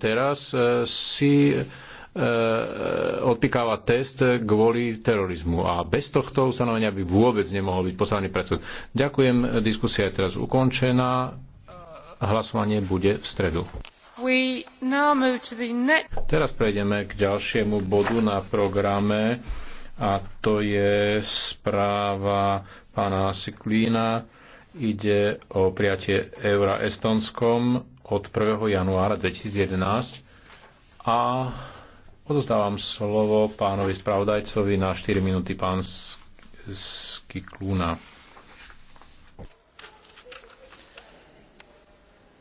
teraz e, si e, e, odpikáva test kvôli terorizmu. A bez tohto ustanovenia by vôbec nemohol byť poslaný predsud. Ďakujem, diskusia je teraz ukončená. Hlasovanie bude v stredu. Teraz prejdeme k ďalšiemu bodu na programe a to je správa pána Siklína. Ide o prijatie eura Estonskom od 1. januára 2011 a odozdávam slovo pánovi spravodajcovi na 4 minúty pán Skiklúna.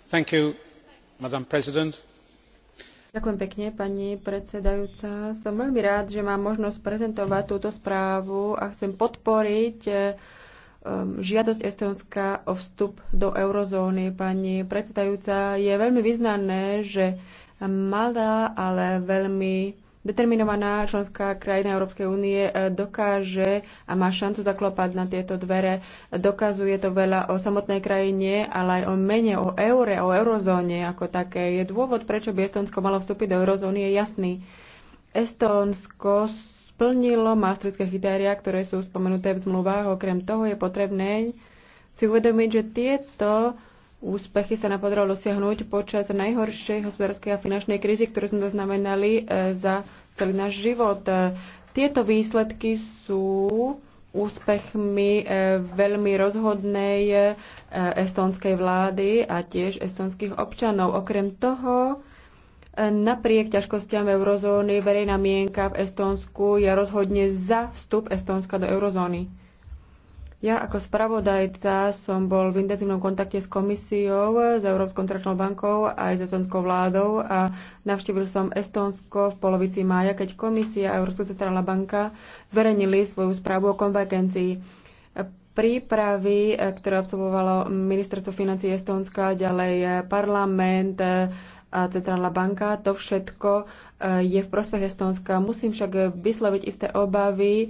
Thank you, Madam President. Ďakujem pekne, pani predsedajúca. Som veľmi rád, že mám možnosť prezentovať túto správu a chcem podporiť Ehm, žiadosť Estonska o vstup do eurozóny. Pani predsedajúca, je veľmi významné, že malá, ale veľmi determinovaná členská krajina Európskej únie e, dokáže a má šancu zaklopať na tieto dvere. Dokazuje to veľa o samotnej krajine, ale aj o mene, o eure, o eurozóne ako také. Je dôvod, prečo by Estonsko malo vstúpiť do eurozóny, je jasný. Estonsko splnilo maastrické kritéria, ktoré sú spomenuté v zmluvách. Okrem toho je potrebné si uvedomiť, že tieto úspechy sa nám dosiahnuť počas najhoršej hospodárskej a finančnej krízy, ktorú sme zaznamenali e, za celý náš život. E, tieto výsledky sú úspechmi e, veľmi rozhodnej estonskej vlády a tiež estonských občanov. Okrem toho Napriek ťažkostiam eurozóny verejná mienka v Estónsku je rozhodne za vstup Estónska do eurozóny. Ja ako spravodajca som bol v intenzívnom kontakte s komisiou, s Európskou centrálnou bankou a aj s estonskou vládou a navštívil som Estónsko v polovici mája, keď komisia a Európska centrálna banka zverejnili svoju správu o konvergencii. Prípravy, eh, ktoré absolvovalo ministerstvo financí Estónska, ďalej eh, parlament, eh, a Centrálna banka. To všetko e, je v prospech Estónska. Musím však vysloviť isté obavy e,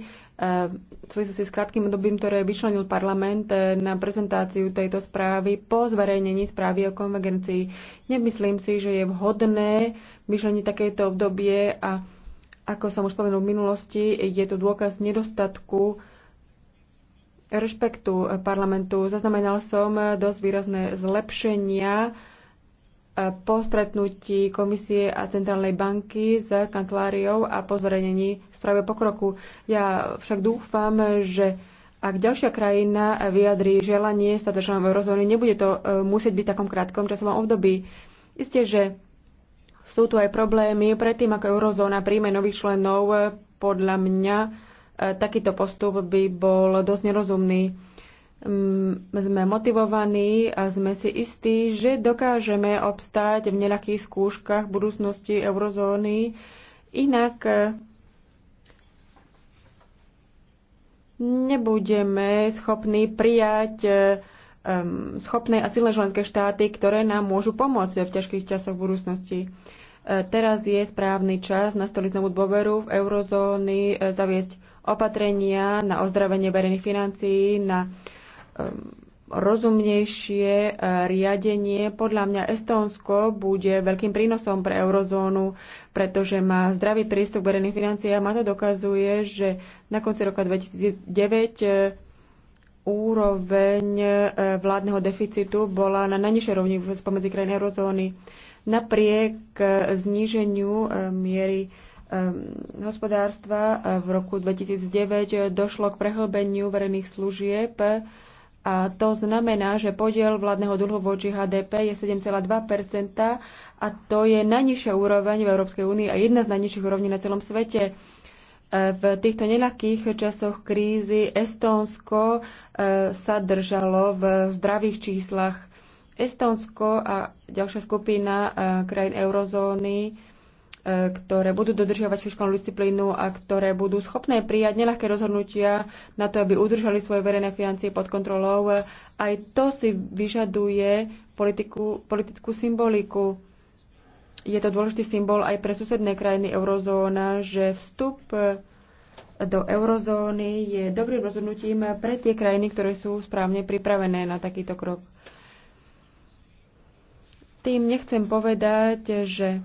v súvislosti s krátkým obdobím, ktoré vyčlenil parlament e, na prezentáciu tejto správy po zverejnení správy o konvergencii. Nemyslím si, že je vhodné vyčleniť takéto obdobie a ako som už spomenul v minulosti, je to dôkaz nedostatku rešpektu parlamentu. Zaznamenal som dosť výrazné zlepšenia E, po stretnutí komisie a Centrálnej banky s kanceláriou a po zverejnení správy pokroku. Ja však dúfam, že ak ďalšia krajina vyjadrí želanie stať členom eurozóny, nebude to e, musieť byť v takom krátkom časovom období. Isté, že sú tu aj problémy. Predtým, ako eurozóna príjme nových členov, podľa mňa e, takýto postup by bol dosť nerozumný Mm, sme motivovaní a sme si istí, že dokážeme obstáť v nejakých skúškach budúcnosti eurozóny. Inak e, nebudeme schopní prijať e, schopné a silné členské štáty, ktoré nám môžu pomôcť v ťažkých časoch budúcnosti. E, teraz je správny čas nastoliť znovu dôveru v eurozóny, zaviesť opatrenia na ozdravenie verejných financií, na rozumnejšie e, riadenie. Podľa mňa Estónsko bude veľkým prínosom pre eurozónu, pretože má zdravý prístup k verejným financiám a to dokazuje, že na konci roka 2009 e, úroveň e, vládneho deficitu bola na najnižšej rovni spomedzi krajín eurozóny. Napriek zníženiu miery hospodárstva v roku 2009 došlo k prehlbeniu verejných služieb a to znamená, že podiel vládneho dlhu voči HDP je 7,2 a to je najnižšia úroveň v Európskej únii a jedna z najnižších úrovní na celom svete. E, v týchto neľahkých časoch krízy Estónsko e, sa držalo v zdravých číslach. Estónsko a ďalšia skupina e, krajín eurozóny E, ktoré budú dodržiavať fiskálnu disciplínu a ktoré budú schopné prijať nelahké rozhodnutia na to, aby udržali svoje verejné financie pod kontrolou. E, aj to si vyžaduje politiku, politickú symboliku. Je to dôležitý symbol aj pre susedné krajiny eurozóna, že vstup e, do eurozóny je dobrým rozhodnutím pre tie krajiny, ktoré sú správne pripravené na takýto krok. Tým nechcem povedať, že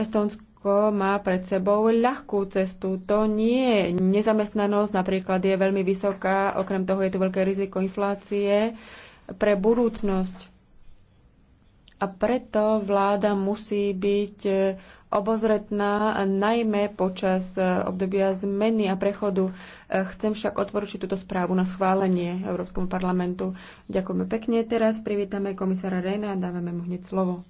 Estónsko má pred sebou ľahkú cestu. To nie je. Nezamestnanosť napríklad je veľmi vysoká, okrem toho je tu veľké riziko inflácie pre budúcnosť. A preto vláda musí byť e, obozretná, najmä počas e, obdobia zmeny a prechodu. E, chcem však odporučiť túto správu na schválenie Európskomu parlamentu. Ďakujeme pekne. Teraz privítame komisára Rejna a dávame mu hneď slovo.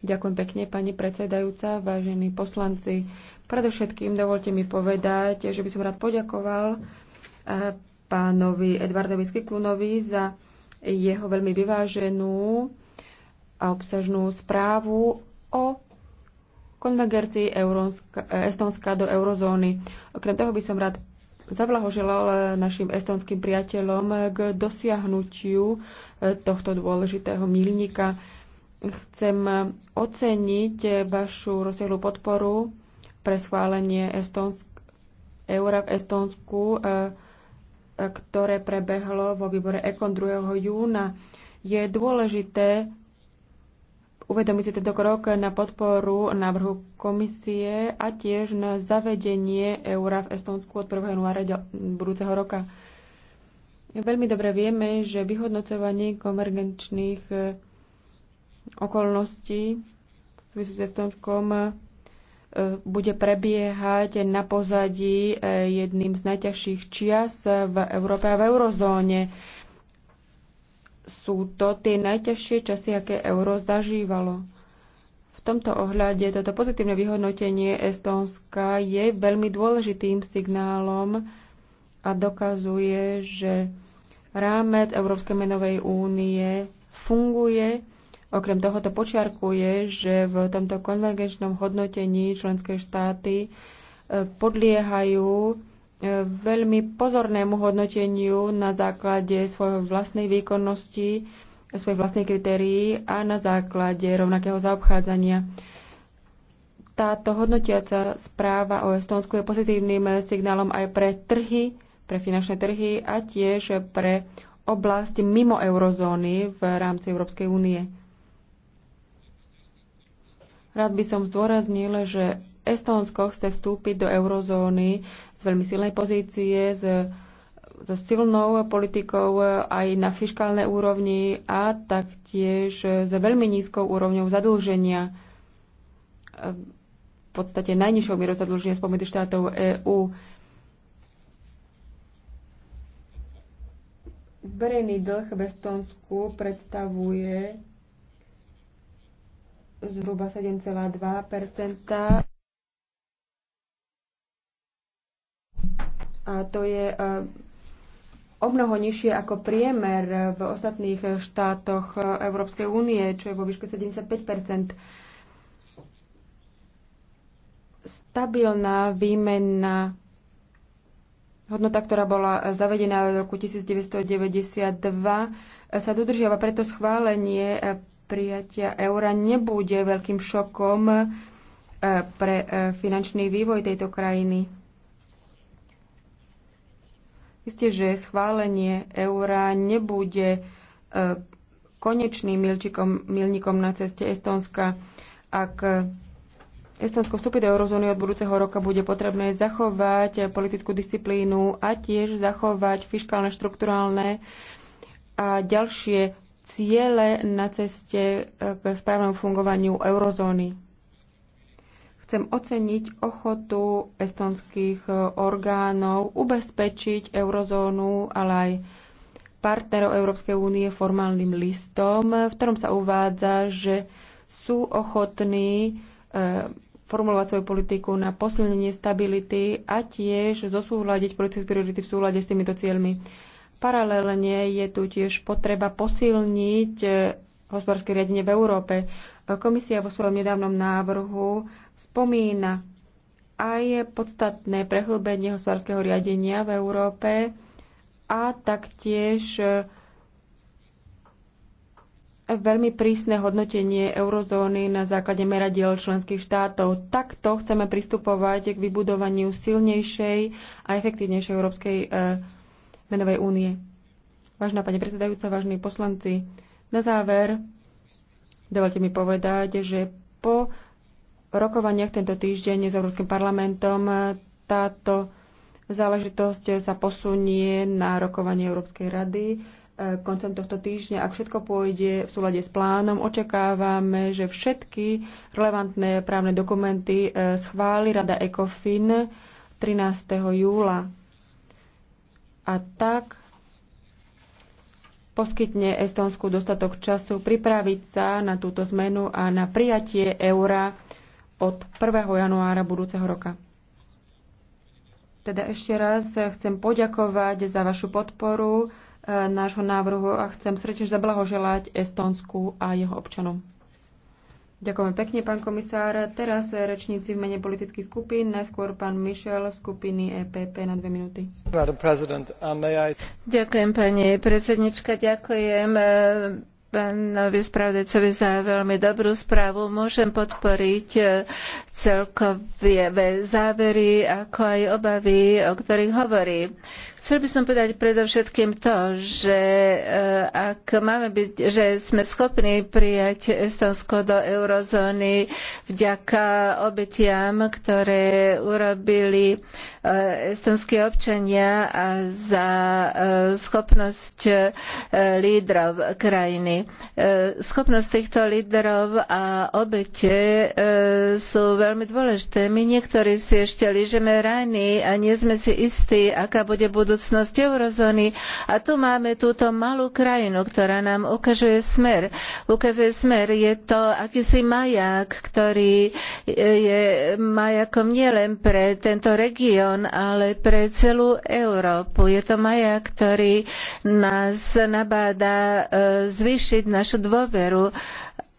Ďakujem pekne, pani predsedajúca, vážení poslanci. Predovšetkým dovolte mi povedať, že by som rád poďakoval eh, pánovi Edvardovi Skiklunovi za jeho veľmi vyváženú a obsažnú správu o konvergencii eh, Estonska do eurozóny. Okrem toho by som rád zablahoželal našim estonským priateľom k dosiahnutiu eh, tohto dôležitého milníka chcem oceniť vašu rozsiahlu podporu pre schválenie Estonsk, eura v Estonsku, eh, ktoré prebehlo vo výbore EKON 2. júna. Je dôležité uvedomiť si tento krok na podporu návrhu komisie a tiež na zavedenie eura v Estonsku od 1. januára budúceho roka. Veľmi dobre vieme, že vyhodnocovanie konvergenčných eh, okolností v súvisí s Estonskom e, bude prebiehať na pozadí e, jedným z najťažších čias v Európe a v eurozóne. Sú to tie najťažšie časy, aké euro zažívalo. V tomto ohľade toto pozitívne vyhodnotenie Estónska je veľmi dôležitým signálom a dokazuje, že rámec Európskej menovej únie funguje Okrem tohoto počiarkuje, že v tomto konvergenčnom hodnotení členské štáty e, podliehajú e, veľmi pozornému hodnoteniu na základe svojej vlastnej výkonnosti, svojich vlastných kritérií a na základe rovnakého zaobchádzania. Táto hodnotiaca správa o Estonsku je pozitívnym signálom aj pre trhy, pre finančné trhy a tiež pre oblasti mimo eurozóny v rámci Európskej únie. Rád by som zdôraznil, že Estónsko chce vstúpiť do eurozóny z veľmi silnej pozície, z, so silnou politikou aj na fiskálnej úrovni a taktiež s veľmi nízkou úrovňou zadlženia v podstate najnižšou mierou zadlženia spomedy štátov EÚ. Verejný dlh v Estonsku predstavuje zhruba 7,2 A to je e, o mnoho nižšie ako priemer v ostatných štátoch Európskej únie, čo je vo výške 75 Stabilná výmenná hodnota, ktorá bola zavedená v roku 1992, sa dodržiava preto schválenie prijatia eura nebude veľkým šokom eh, pre eh, finančný vývoj tejto krajiny. Isté, že schválenie eura nebude eh, konečným milníkom na ceste Estonska. Ak Estonsko vstúpi do eurozóny od budúceho roka, bude potrebné zachovať politickú disciplínu a tiež zachovať fiskálne, štrukturálne a ďalšie ciele na ceste e, k správnemu fungovaniu eurozóny. Chcem oceniť ochotu estonských e, orgánov ubezpečiť eurozónu, ale aj partnerov Európskej únie formálnym listom, v ktorom sa uvádza, že sú ochotní e, formulovať svoju politiku na posilnenie stability a tiež zosúhľadiť politické priority v súhľade s týmito cieľmi. Paralelne je tu tiež potreba posilniť eh, hospodárske riadenie v Európe. Eh, Komisia vo svojom nedávnom návrhu spomína aj podstatné prehlbenie hospodárskeho riadenia v Európe a taktiež eh, veľmi prísne hodnotenie eurozóny na základe meradiel členských štátov. Takto chceme pristupovať k vybudovaniu silnejšej a efektívnejšej európskej e, menovej únie. Vážna pani predsedajúca, vážni poslanci, na záver dovolte mi povedať, že po rokovaniach tento týždeň s Európskym parlamentom táto záležitosť sa posunie na rokovanie Európskej rady e, koncom tohto týždňa, ak všetko pôjde v súlade s plánom, očakávame, že všetky relevantné právne dokumenty e, schváli Rada ECOFIN 13. júla a tak poskytne Estonsku dostatok času pripraviť sa na túto zmenu a na prijatie eura od 1. januára budúceho roka. Teda ešte raz chcem poďakovať za vašu podporu eh, nášho návrhu a chcem srdečne zablahoželať Estonsku a jeho občanom. Ďakujem pekne, pán komisár. Teraz rečníci v mene politických skupín. Najskôr pán Michel v skupiny EPP na dve minúty. Uh, ďakujem, pani predsednička. Ďakujem uh, pánovi spravdecovi za veľmi dobrú správu. Môžem podporiť uh, celkové závery, ako aj obavy, o ktorých hovorí. Chcel by som povedať predovšetkým to, že eh, ak máme byť, že sme schopní prijať Estonsko do eurozóny vďaka obetiam, ktoré urobili eh, estonskí občania a za eh, schopnosť lídrov krajiny. Schopnosť týchto lídrov a obete sú veľmi dôležité. My niektorí si ešte lížeme rány a nie sme si istí, aká bude budúcnosť budúcnosť eurozóny. A tu máme túto malú krajinu, ktorá nám ukazuje smer. Ukazuje smer, je to akýsi maják, ktorý e, je majakom nielen pre tento región, ale pre celú Európu. Je to maják, ktorý nás nabáda e, zvýšiť našu dôveru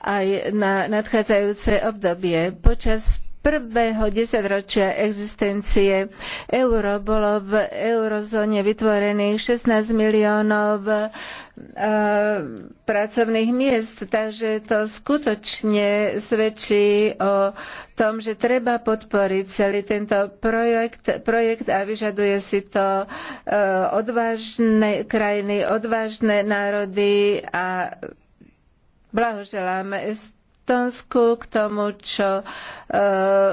aj na nadchádzajúce obdobie. Počas prvého desaťročia existencie euro bolo v eurozóne vytvorených 16 miliónov e, pracovných miest, takže to skutočne svedčí o tom, že treba podporiť celý tento projekt, projekt a vyžaduje si to e, odvážne krajiny, odvážne národy a blahoželám Estonsku k tomu, čo eh,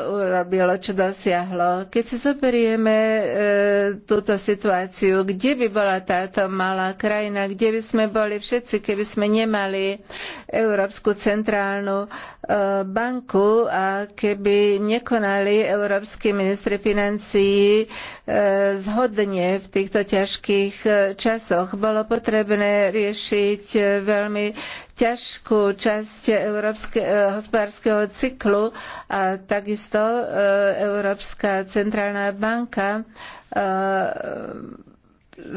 urobilo, čo dosiahlo. Keď si zoberieme eh, túto situáciu, kde by bola táto malá krajina, kde by sme boli všetci, keby sme nemali Európsku centrálnu eh, banku a keby nekonali európsky ministri financií zhodne v týchto ťažkých časoch. Bolo potrebné riešiť veľmi ťažkú časť európske, e, hospodárskeho cyklu a takisto e, Európska centrálna banka e,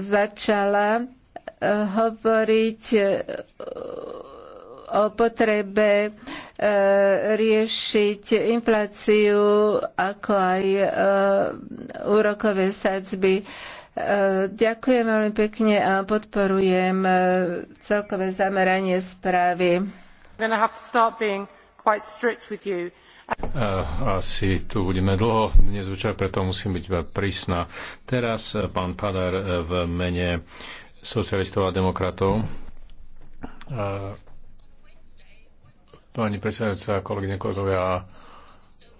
začala hovoriť o potrebe riešiť infláciu, ako aj úrokové sadzby E, ďakujem veľmi pekne a podporujem e, celkové zameranie správy. E, asi tu budeme dlho dnes preto musím byť prísna. Teraz pán Padar v mene socialistov a demokratov. Pani predsedajúca, kolegyne, kolegovia,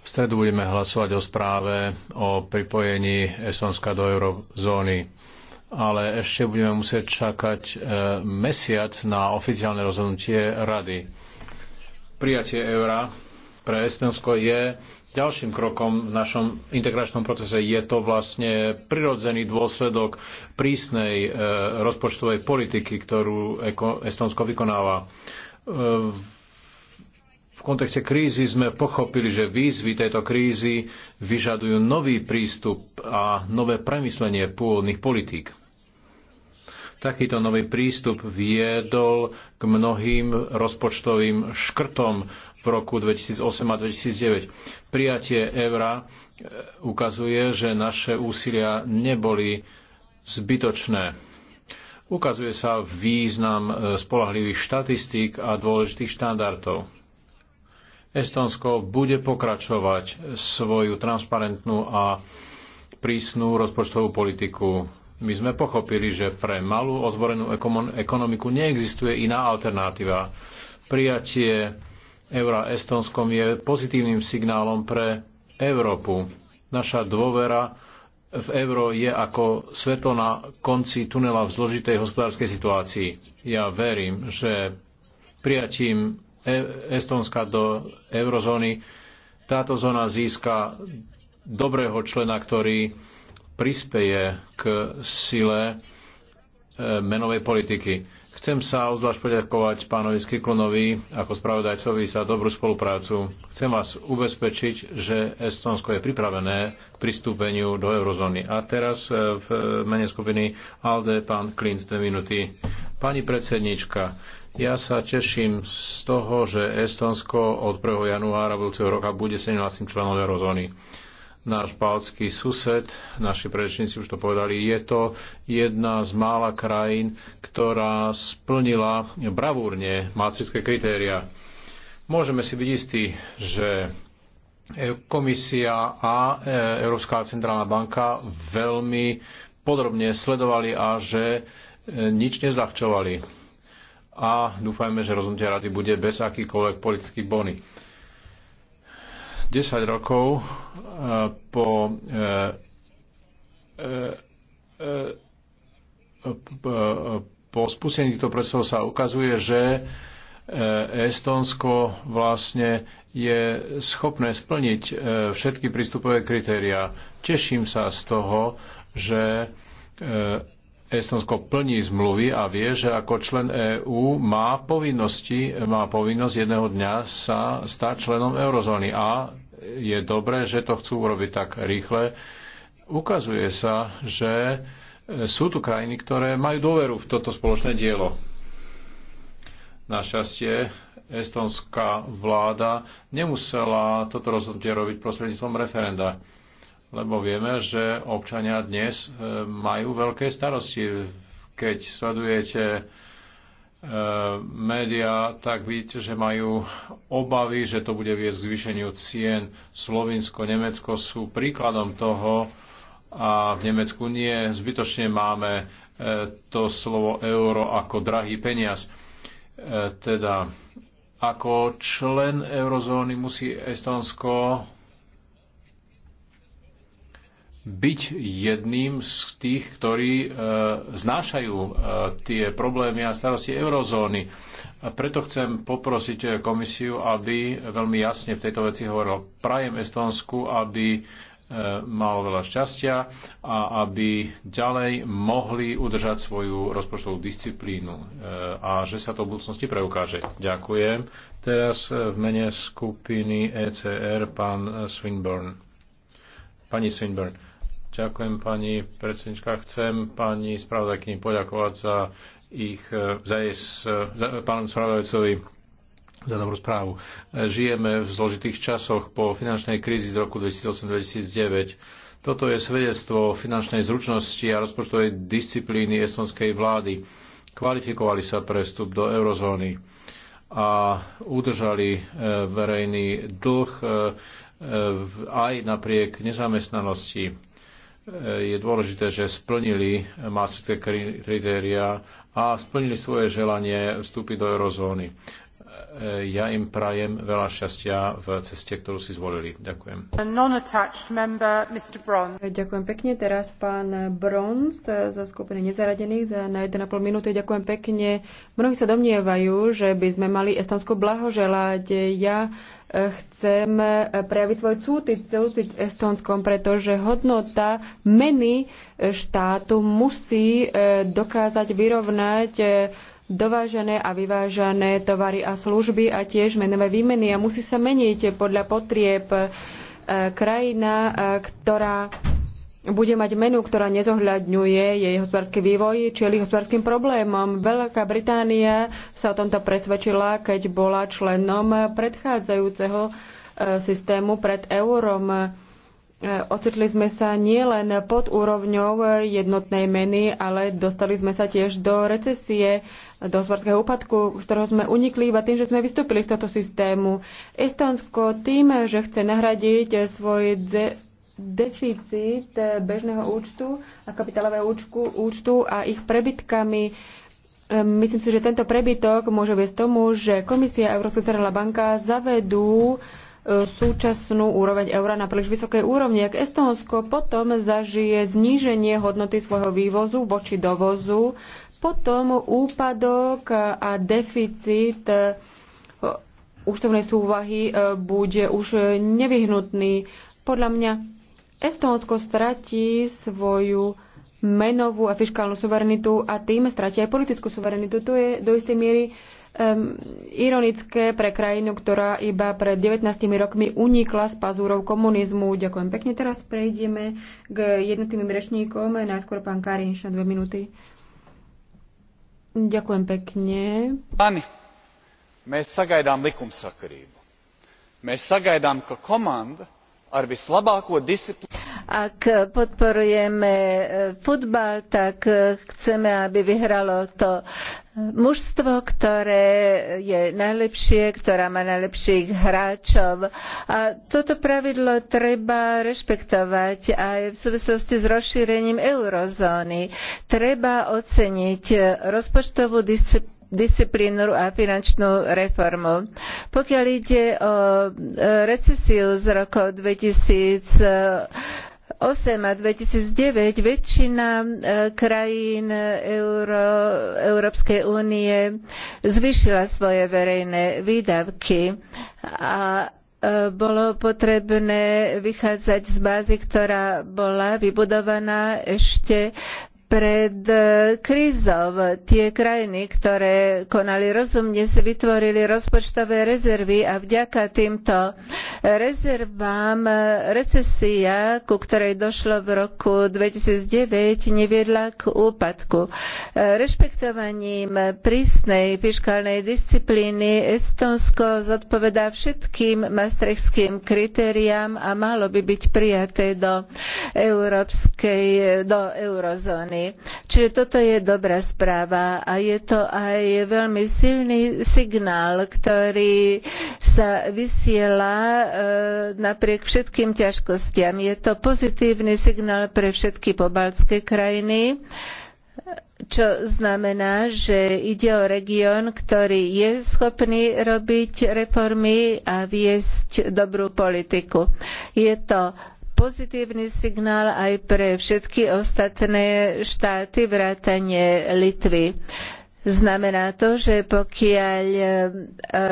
v stredu budeme hlasovať o správe o pripojení Estonska do eurozóny, ale ešte budeme musieť čakať e, mesiac na oficiálne rozhodnutie Rady. Prijatie eura pre Estonsko je ďalším krokom v našom integračnom procese. Je to vlastne prirodzený dôsledok prísnej e, rozpočtovej politiky, ktorú Estonsko vykonáva e, v kontexte krízy sme pochopili, že výzvy tejto krízy vyžadujú nový prístup a nové premyslenie pôvodných politík. Takýto nový prístup viedol k mnohým rozpočtovým škrtom v roku 2008 a 2009. Prijatie eura e, ukazuje, že naše úsilia neboli zbytočné. Ukazuje sa význam e, spolahlivých štatistík a dôležitých štandardov Estonsko bude pokračovať svoju transparentnú a prísnu rozpočtovú politiku. My sme pochopili, že pre malú otvorenú ekonomiku neexistuje iná alternatíva. Prijatie eura Estonskom je pozitívnym signálom pre Európu. Naša dôvera v euro je ako svetlo na konci tunela v zložitej hospodárskej situácii. Ja verím, že prijatím E, Estónska do eurozóny, táto zóna získa dobrého člena, ktorý prispeje k sile e, menovej politiky. Chcem sa obzvlášť poďakovať pánovi Skiklunovi ako spravodajcovi za dobrú spoluprácu. Chcem vás ubezpečiť, že Estonsko je pripravené k pristúpeniu do eurozóny. A teraz e, v mene skupiny ALDE pán Klint, dve minúty. Pani predsednička, ja sa teším z toho, že Estonsko od 1. januára budúceho roka bude 17. členom eurozóny. Náš balcký sused, naši predečníci už to povedali, je to jedna z mála krajín, ktorá splnila bravúrne maastrické kritéria. Môžeme si byť istí, že komisia a e, Európska centrálna banka veľmi podrobne sledovali a že e, nič nezľahčovali a dúfajme, že rozhodnutie rady bude bez akýkoľvek politických bony. 10 rokov e, po e, e, po spustení týchto predstavov sa ukazuje, že Estonsko vlastne je schopné splniť všetky prístupové kritériá. Teším sa z toho, že Estonsko plní zmluvy a vie, že ako člen EÚ má, povinnosti, má povinnosť jedného dňa sa stať členom eurozóny. A je dobré, že to chcú urobiť tak rýchle. Ukazuje sa, že sú tu krajiny, ktoré majú dôveru v toto spoločné dielo. Našťastie estonská vláda nemusela toto rozhodnutie robiť prostredníctvom referenda lebo vieme, že občania dnes e, majú veľké starosti. Keď sledujete e, médiá, tak vidíte, že majú obavy, že to bude viesť k zvýšeniu cien. Slovinsko, Nemecko sú príkladom toho a v Nemecku nie. Zbytočne máme e, to slovo euro ako drahý peniaz. teda ako člen eurozóny musí Estonsko byť jedným z tých, ktorí e, znášajú e, tie problémy a starosti eurozóny. A preto chcem poprosiť komisiu, aby veľmi jasne v tejto veci hovoril prajem Estonsku, aby e, malo veľa šťastia a aby ďalej mohli udržať svoju rozpočtovú disciplínu e, a že sa to v budúcnosti preukáže. Ďakujem. Teraz v mene skupiny ECR pán Swinburne. Pani Swinburne. Ďakujem pani predsednička. Chcem pani spravodajkyni poďakovať za ich, e, za jej, e, za, e, pánom spravodajcovi za dobrú správu. Žijeme v zložitých časoch po finančnej krízi z roku 2008-2009. Toto je svedectvo finančnej zručnosti a rozpočtovej disciplíny estonskej vlády. Kvalifikovali sa pre vstup do eurozóny a udržali verejný dlh aj napriek nezamestnanosti je dôležité, že splnili maastrichtské kritéria a splnili svoje želanie vstúpiť do eurozóny. E, ja im prajem veľa šťastia v ceste, ktorú si zvolili. Ďakujem. Member, e, Ďakujem pekne. Teraz pán Bronz e, zo skupiny nezaradených za na 1,5 minúty. Ďakujem pekne. Mnohí sa domnievajú, že by sme mali Estonsku blahoželať. Ja chcem prejaviť svoj súcit, s Estonskom, pretože hodnota meny štátu musí dokázať vyrovnať dovážané a vyvážané tovary a služby a tiež menové výmeny a musí sa meniť podľa potrieb e, krajina, e, ktorá bude mať menu, ktorá nezohľadňuje jej hospodársky vývoj, čili hospodárskym problémom. Veľká Británia sa o tomto presvedčila, keď bola členom predchádzajúceho e, systému pred eurom E, ocitli sme sa nielen pod úrovňou jednotnej meny, ale dostali sme sa tiež do recesie, do hospodárskeho úpadku, z ktorého sme unikli iba tým, že sme vystúpili z tohto systému. Estonsko tým, že chce nahradiť svoj de- deficit bežného účtu a kapitálového účku, účtu a ich prebytkami e, Myslím si, že tento prebytok môže viesť tomu, že Komisia a Európska centrálna banka zavedú súčasnú úroveň eura na príliš vysokej úrovni. Ak Estonsko potom zažije zníženie hodnoty svojho vývozu voči dovozu, potom úpadok a deficit e, úštovnej súvahy e, bude už nevyhnutný. Podľa mňa Estónsko stratí svoju menovú a fiskálnu suverenitu a tým stratí aj politickú suverenitu. To je do istej miery um, ironické pre krajinu, ktorá iba pred 19 rokmi unikla z pazúrov komunizmu. Ďakujem pekne. Teraz prejdeme k jednotlivým rečníkom. Najskôr pán Karinš na dve minúty. Ďakujem pekne. Pani, mēs sagaidām likumsakarību. Mēs sagaidām, ka komanda ar vislabāko disciplínu... Ak podporujeme eh, futbal, tak eh, chceme, aby vyhralo to eh, mužstvo, ktoré je najlepšie, ktorá má najlepších hráčov. A toto pravidlo treba rešpektovať aj v súvislosti s rozšírením eurozóny. Treba oceniť rozpočtovú disciplínu disciplínu a finančnú reformu. Pokiaľ ide o recesiu z roku 2008, a 2009 väčšina e, krajín e, Euro, Európskej únie zvyšila svoje verejné výdavky a e, bolo potrebné vychádzať z bázy, ktorá bola vybudovaná ešte pred e, krízou. Tie krajiny, ktoré konali rozumne, si vytvorili rozpočtové rezervy a vďaka týmto rezervám e, recesia, ku ktorej došlo v roku 2009, neviedla k úpadku. E, rešpektovaním prísnej fiškálnej disciplíny Estonsko zodpovedá všetkým maastrichtským kritériám a malo by byť prijaté do, európskej, do eurozóny krajiny. Čiže toto je dobrá správa a je to aj veľmi silný signál, ktorý sa vysiela e, napriek všetkým ťažkostiam. Je to pozitívny signál pre všetky pobaltské krajiny čo znamená, že ide o región, ktorý je schopný robiť reformy a viesť dobrú politiku. Je to pozitívny signál aj pre všetky ostatné štáty vrátane Litvy. Znamená to, že pokiaľ e,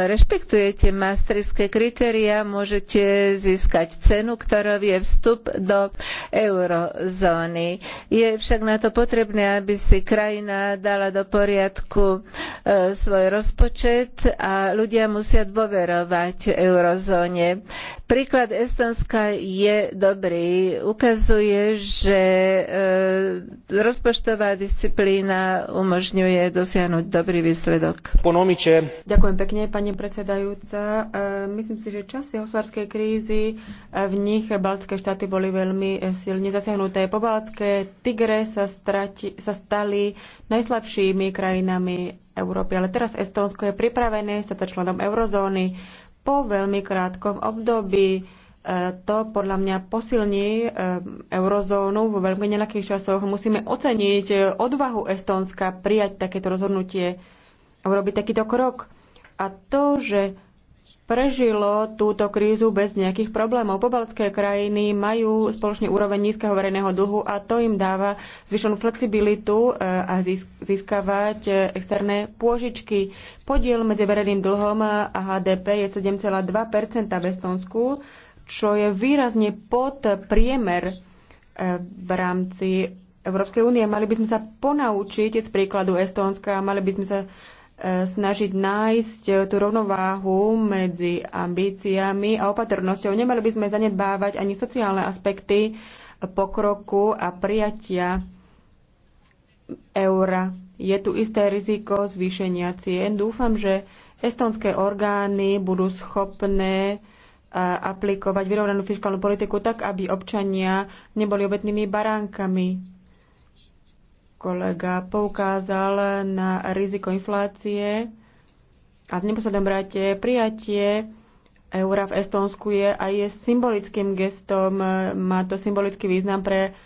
rešpektujete maastrichtské kritériá, môžete získať cenu, ktorou je vstup do eurozóny. Je však na to potrebné, aby si krajina dala do poriadku e, svoj rozpočet a ľudia musia dôverovať eurozóne. Príklad Estonska je dobrý. Ukazuje, že e, rozpočtová disciplína umožňuje dosiahnuť dosiahnuť dobrý výsledok. Ponomiče. Ďakujem pekne, pani predsedajúca. E, myslím si, že časy hospodárskej krízy, e, v nich baltské štáty boli veľmi e, silne zasiahnuté. baltské tigre sa, strati, sa stali najslabšími krajinami Európy, ale teraz Estónsko je pripravené stať členom eurozóny po veľmi krátkom období E, to podľa mňa posilní e, eurozónu vo veľmi nejakých časoch. Musíme oceniť e, odvahu Estónska prijať takéto rozhodnutie, a urobiť takýto krok. A to, že prežilo túto krízu bez nejakých problémov. pobalské krajiny majú spoločne úroveň nízkeho verejného dlhu a to im dáva zvyšenú flexibilitu a získavať externé pôžičky. Podiel medzi verejným dlhom a HDP je 7,2 v Estonsku čo je výrazne pod priemer e, v rámci Európskej únie. Mali by sme sa ponaučiť z príkladu Estónska, mali by sme sa e, snažiť nájsť tú rovnováhu medzi ambíciami a opatrnosťou. Nemali by sme zanedbávať ani sociálne aspekty pokroku a prijatia eura. Je tu isté riziko zvýšenia cien. Dúfam, že estonské orgány budú schopné aplikovať vyrovnanú fiskálnu politiku tak, aby občania neboli obetnými baránkami. Kolega poukázal na riziko inflácie a v neposlednom rate prijatie eura v Estónsku je aj je symbolickým gestom. Má to symbolický význam pre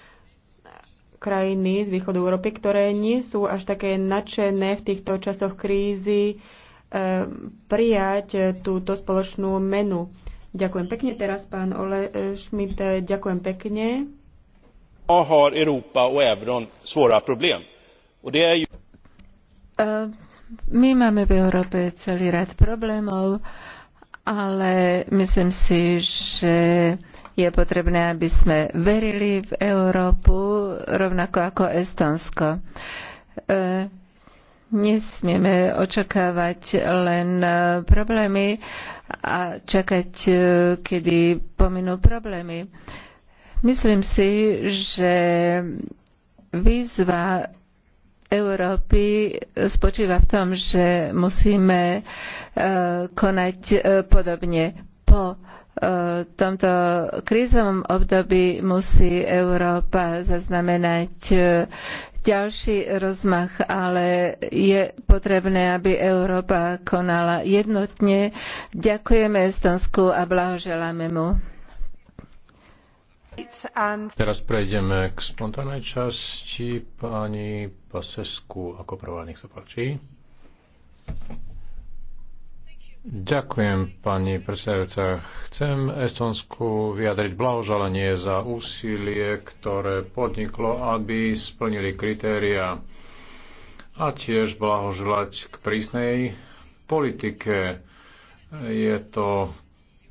krajiny z východu Európy, ktoré nie sú až také nadšené v týchto časoch krízy eh, prijať túto spoločnú menu. Ďakujem pekne teraz, pán Ole Schmidt. Ďakujem pekne. Har Europa och euron svåra problem. My máme v Európe celý rad problémov, ale myslím si, že je potrebné, aby sme verili v Európu rovnako ako Estonsko. Nesmieme očakávať len e, problémy a čakať, e, kedy pominú problémy. Myslím si, že výzva Európy spočíva v tom, že musíme e, konať podobne. Po tomto krízovom období musí Európa zaznamenať ďalší rozmach, ale je potrebné, aby Európa konala jednotne. Ďakujeme Estonsku a blahoželáme mu. Teraz prejdeme k spontánnej časti pani Pasesku ako prvá, nech sa páči. Ďakujem, pani predsedajúca. Chcem Estonsku vyjadriť blahoželanie za úsilie, ktoré podniklo, aby splnili kritéria a tiež blahoželať k prísnej politike. Je to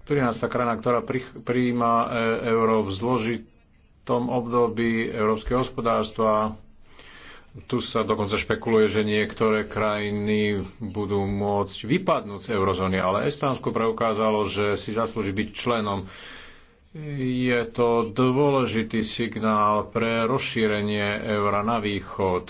13. krajina, ktorá prijíma e, euro v zložitom období európskeho hospodárstva tu sa dokonca špekuluje, že niektoré krajiny budú môcť vypadnúť z eurozóny, ale Estánsko preukázalo, že si zaslúži byť členom. Je to dôležitý signál pre rozšírenie eura na východ.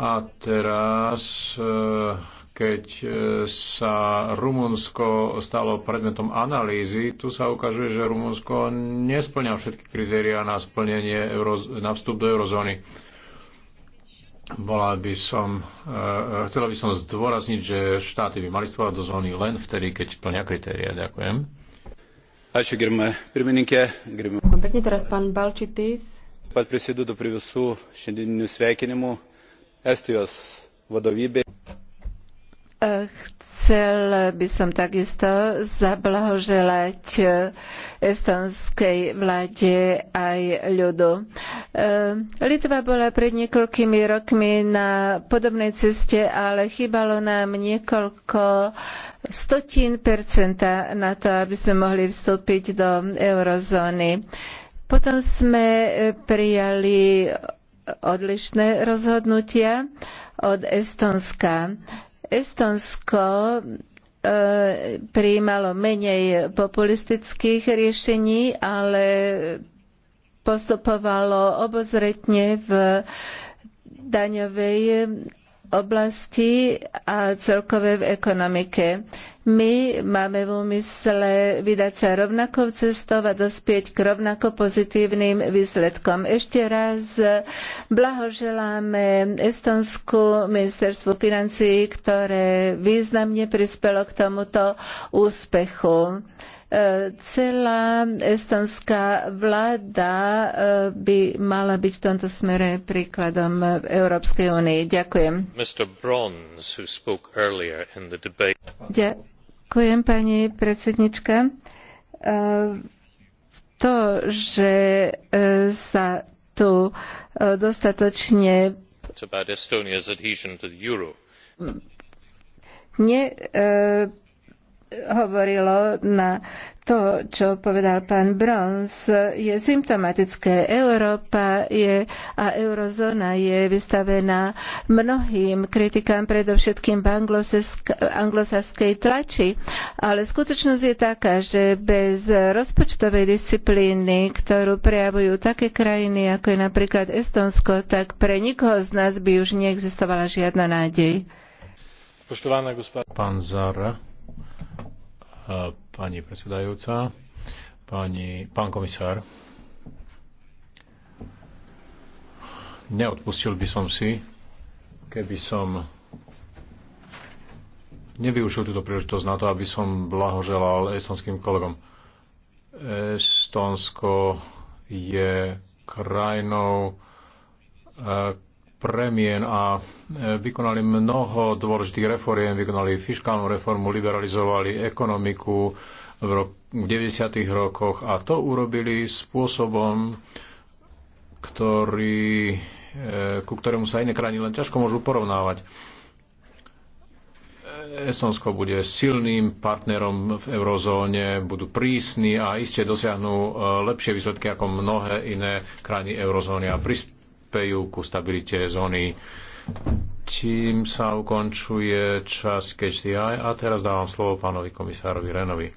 A teraz, eh, keď eh, sa Rumunsko stalo predmetom analýzy, tu sa ukazuje, že Rumunsko nesplňa všetky kritériá na, splnenie na vstup do eurozóny bola by som, uh, chcela by som zdôrazniť, že štáty by mali vstupovať do zóny len vtedy, keď plňa kritéria. Ďakujem. Ďakujem pekne teraz pán Balčitis. Pat prisidedu do visų šiandieninių sveikinimų Estijos vadovybė. Eh, Chcel by som takisto zablahoželať eh, estonskej vláde aj ľudu. Eh, Litva bola pred niekoľkými rokmi na podobnej ceste, ale chýbalo nám niekoľko stotín percenta na to, aby sme mohli vstúpiť do eurozóny. Potom sme eh, prijali odlišné rozhodnutia od Estonska. Estonsko e, prijímalo menej populistických riešení, ale postupovalo obozretne v daňovej oblasti a celkové v ekonomike. My máme v úmysle vydať sa rovnakou cestou a dospieť k rovnako pozitívnym výsledkom. Ešte raz blahoželáme Estonsku ministerstvu financií, ktoré významne prispelo k tomuto úspechu e, celá estonská vláda e, by mala byť v tomto smere príkladom v Európskej únii. Ďakujem. Mr. who spoke earlier in the debate. Ďakujem. Ďakujem, pani predsednička. E, to, že e, sa tu e, dostatočne about Estonia's adhesion to the euro. Ne, hovorilo na to, čo povedal pán Brons, je symptomatické. Európa je a eurozóna je vystavená mnohým kritikám, predovšetkým v anglosaskej tlači, ale skutočnosť je taká, že bez rozpočtovej disciplíny, ktorú prejavujú také krajiny, ako je napríklad Estonsko, tak pre nikoho z nás by už neexistovala žiadna nádej. Pán Zara, pani predsedajúca, pani, pán komisár. Neodpustil by som si, keby som nevyužil túto príležitosť na to, aby som blahoželal estonským kolegom. Estonsko je krajinou, eh, premien a e, vykonali mnoho dôležitých reforiem, vykonali fiskálnu reformu, liberalizovali ekonomiku v, rok, v 90. rokoch a to urobili spôsobom, ktorý, e, ku ktorému sa iné krajiny len ťažko môžu porovnávať. E, Estonsko bude silným partnerom v eurozóne, budú prísni a iste dosiahnu lepšie výsledky ako mnohé iné krajiny eurozóny a prispievajú prispejú ku stabilite zóny. Tým sa ukončuje čas KCI a teraz dávam slovo pánovi komisárovi Renovi.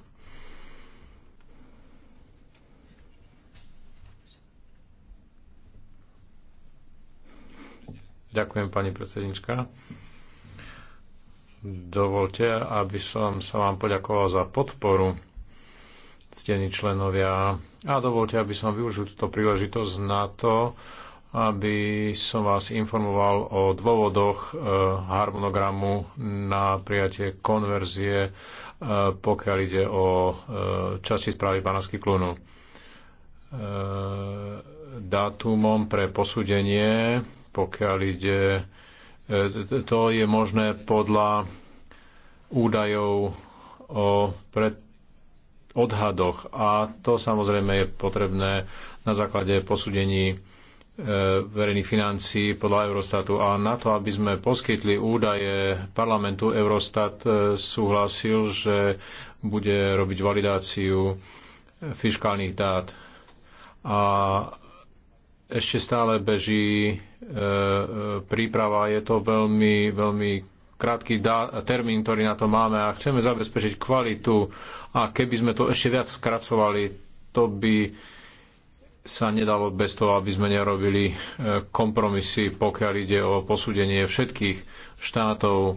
Ďakujem, pani predsednička. Dovolte, aby som sa vám poďakoval za podporu, ctení členovia. A dovolte, aby som využil túto príležitosť na to, aby som vás informoval o dôvodoch eh, harmonogramu na prijatie konverzie, eh, pokiaľ ide o eh, časti správy pána klunu. Dátumom pre posúdenie, pokiaľ ide, to je možné podľa údajov o pred odhadoch a to samozrejme je potrebné na základe posúdení E, verejných financií podľa Eurostatu. A na to, aby sme poskytli údaje parlamentu, Eurostat e, súhlasil, že bude robiť validáciu e, fiskálnych dát. A ešte stále beží príprava. Je to veľmi, veľmi krátky termín, ktorý na to máme a chceme zabezpečiť kvalitu. A keby sme to ešte viac skracovali, to by sa nedalo bez toho, aby sme nerobili e, kompromisy, pokiaľ ide o posúdenie všetkých štátov, e,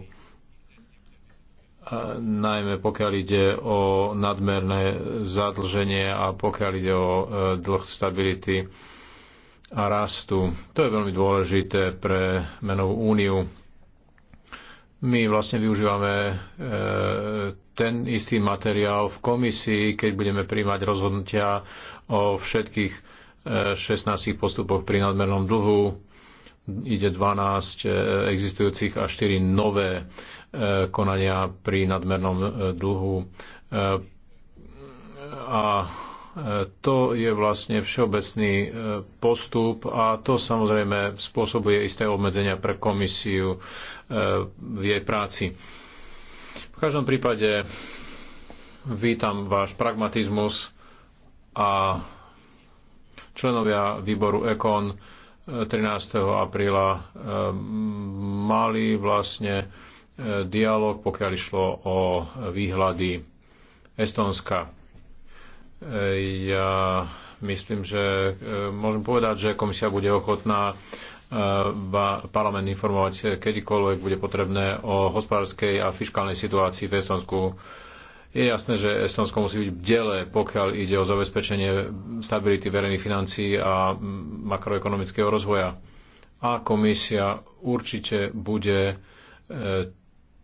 najmä pokiaľ ide o nadmerné zadlženie a pokiaľ ide o e, dlh stability a rastu. To je veľmi dôležité pre menovú úniu. My vlastne využívame ten istý materiál v komisii, keď budeme príjmať rozhodnutia o všetkých 16 postupoch pri nadmernom dlhu, ide 12 e, existujúcich a 4 nové e, konania pri nadmernom e, dlhu. A to je vlastne všeobecný postup a to samozrejme spôsobuje isté obmedzenia pre komisiu v jej práci. V každom prípade vítam váš pragmatizmus a Členovia výboru EKON 13. E, apríla e, mali vlastne e, dialog, pokiaľ išlo o výhľady Estonska. Ja myslím, že môžem povedať, že komisia bude ochotná parlament informovať kedykoľvek bude potrebné o hospodárskej a fiskálnej situácii v Estonsku je jasné, že Estonsko musí byť v dele, pokiaľ ide o zabezpečenie stability verejných financií a makroekonomického rozvoja. A komisia určite bude e,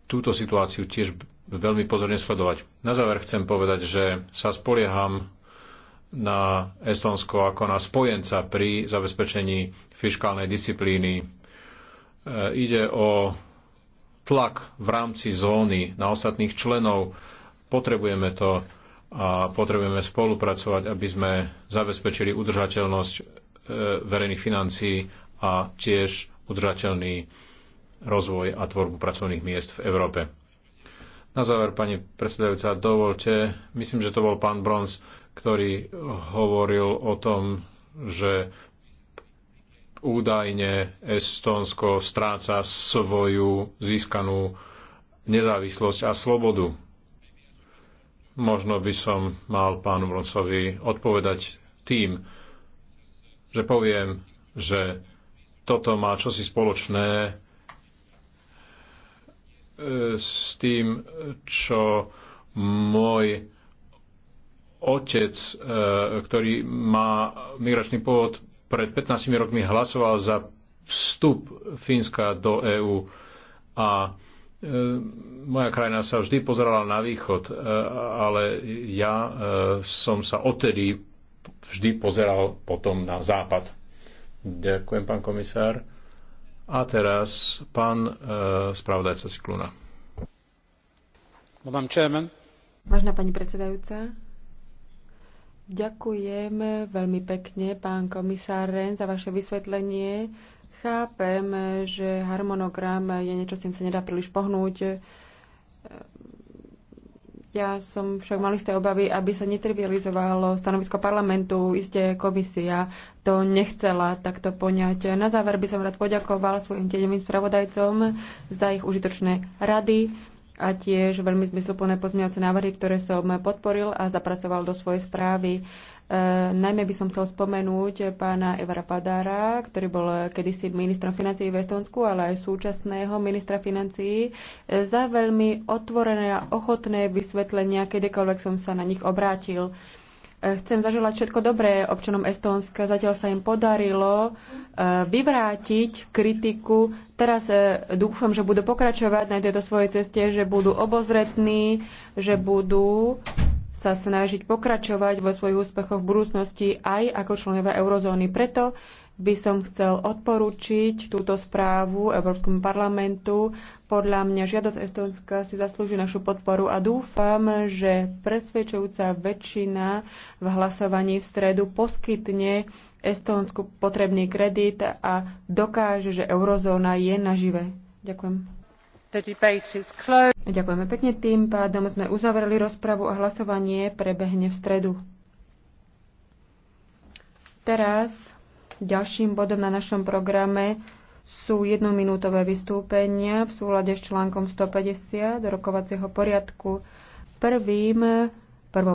túto situáciu tiež veľmi pozorne sledovať. Na záver chcem povedať, že sa spolieham na Estonsko ako na spojenca pri zabezpečení fiskálnej disciplíny. E, ide o tlak v rámci zóny na ostatných členov Potrebujeme to a potrebujeme spolupracovať, aby sme zabezpečili udržateľnosť e, verejných financií a tiež udržateľný rozvoj a tvorbu pracovných miest v Európe. Na záver, pani predsedajúca, dovolte, myslím, že to bol pán Brons, ktorý hovoril o tom, že údajne Estónsko stráca svoju získanú nezávislosť a slobodu. Možno by som mal pánu Mroncovi odpovedať tým, že poviem, že toto má čosi spoločné e, s tým, čo môj otec, e, ktorý má migračný pôvod, pred 15 rokmi hlasoval za vstup Fínska do EÚ a E, moja krajina sa vždy pozerala na východ, e, ale ja e, som sa odtedy vždy pozeral potom na západ. Ďakujem, pán komisár. A teraz pán e, spravodajca Cikluna. Madam Chairman. Vážna pani predsedajúca, ďakujem veľmi pekne, pán komisár Ren, za vaše vysvetlenie. Chápem, že harmonogram je niečo, s tým sa nedá príliš pohnúť. Ja som však mal isté obavy, aby sa netrivializovalo stanovisko parlamentu. Isté komisia to nechcela takto poňať. Na záver by som rád poďakoval svojim tieňovým spravodajcom za ich užitočné rady a tiež veľmi zmysluplné pozmeňovacie návrhy, ktoré som podporil a zapracoval do svojej správy. E, najmä by som chcel spomenúť pána Evara Padára, ktorý bol kedysi ministrom financií v Estonsku, ale aj súčasného ministra financií, e, za veľmi otvorené a ochotné vysvetlenia, kedykoľvek som sa na nich obrátil. E, chcem zaželať všetko dobré občanom Estónska. Zatiaľ sa im podarilo vyvrátiť kritiku. Teraz dúfam, že budú pokračovať na tejto svojej ceste, že budú obozretní, že budú sa snažiť pokračovať vo svojich úspechoch v budúcnosti aj ako členové eurozóny. Preto by som chcel odporučiť túto správu Európskemu parlamentu. Podľa mňa žiadosť Estonska si zaslúži našu podporu a dúfam, že presvedčujúca väčšina v hlasovaní v stredu poskytne Estónsku potrebný kredit a dokáže, že eurozóna je nažive. Ďakujem. Ďakujeme pekne. Tým pádom sme uzavreli rozpravu a hlasovanie prebehne v stredu. Teraz ďalším bodom na našom programe sú jednominútové vystúpenia v súlade s článkom 150 rokovacieho poriadku. Prvým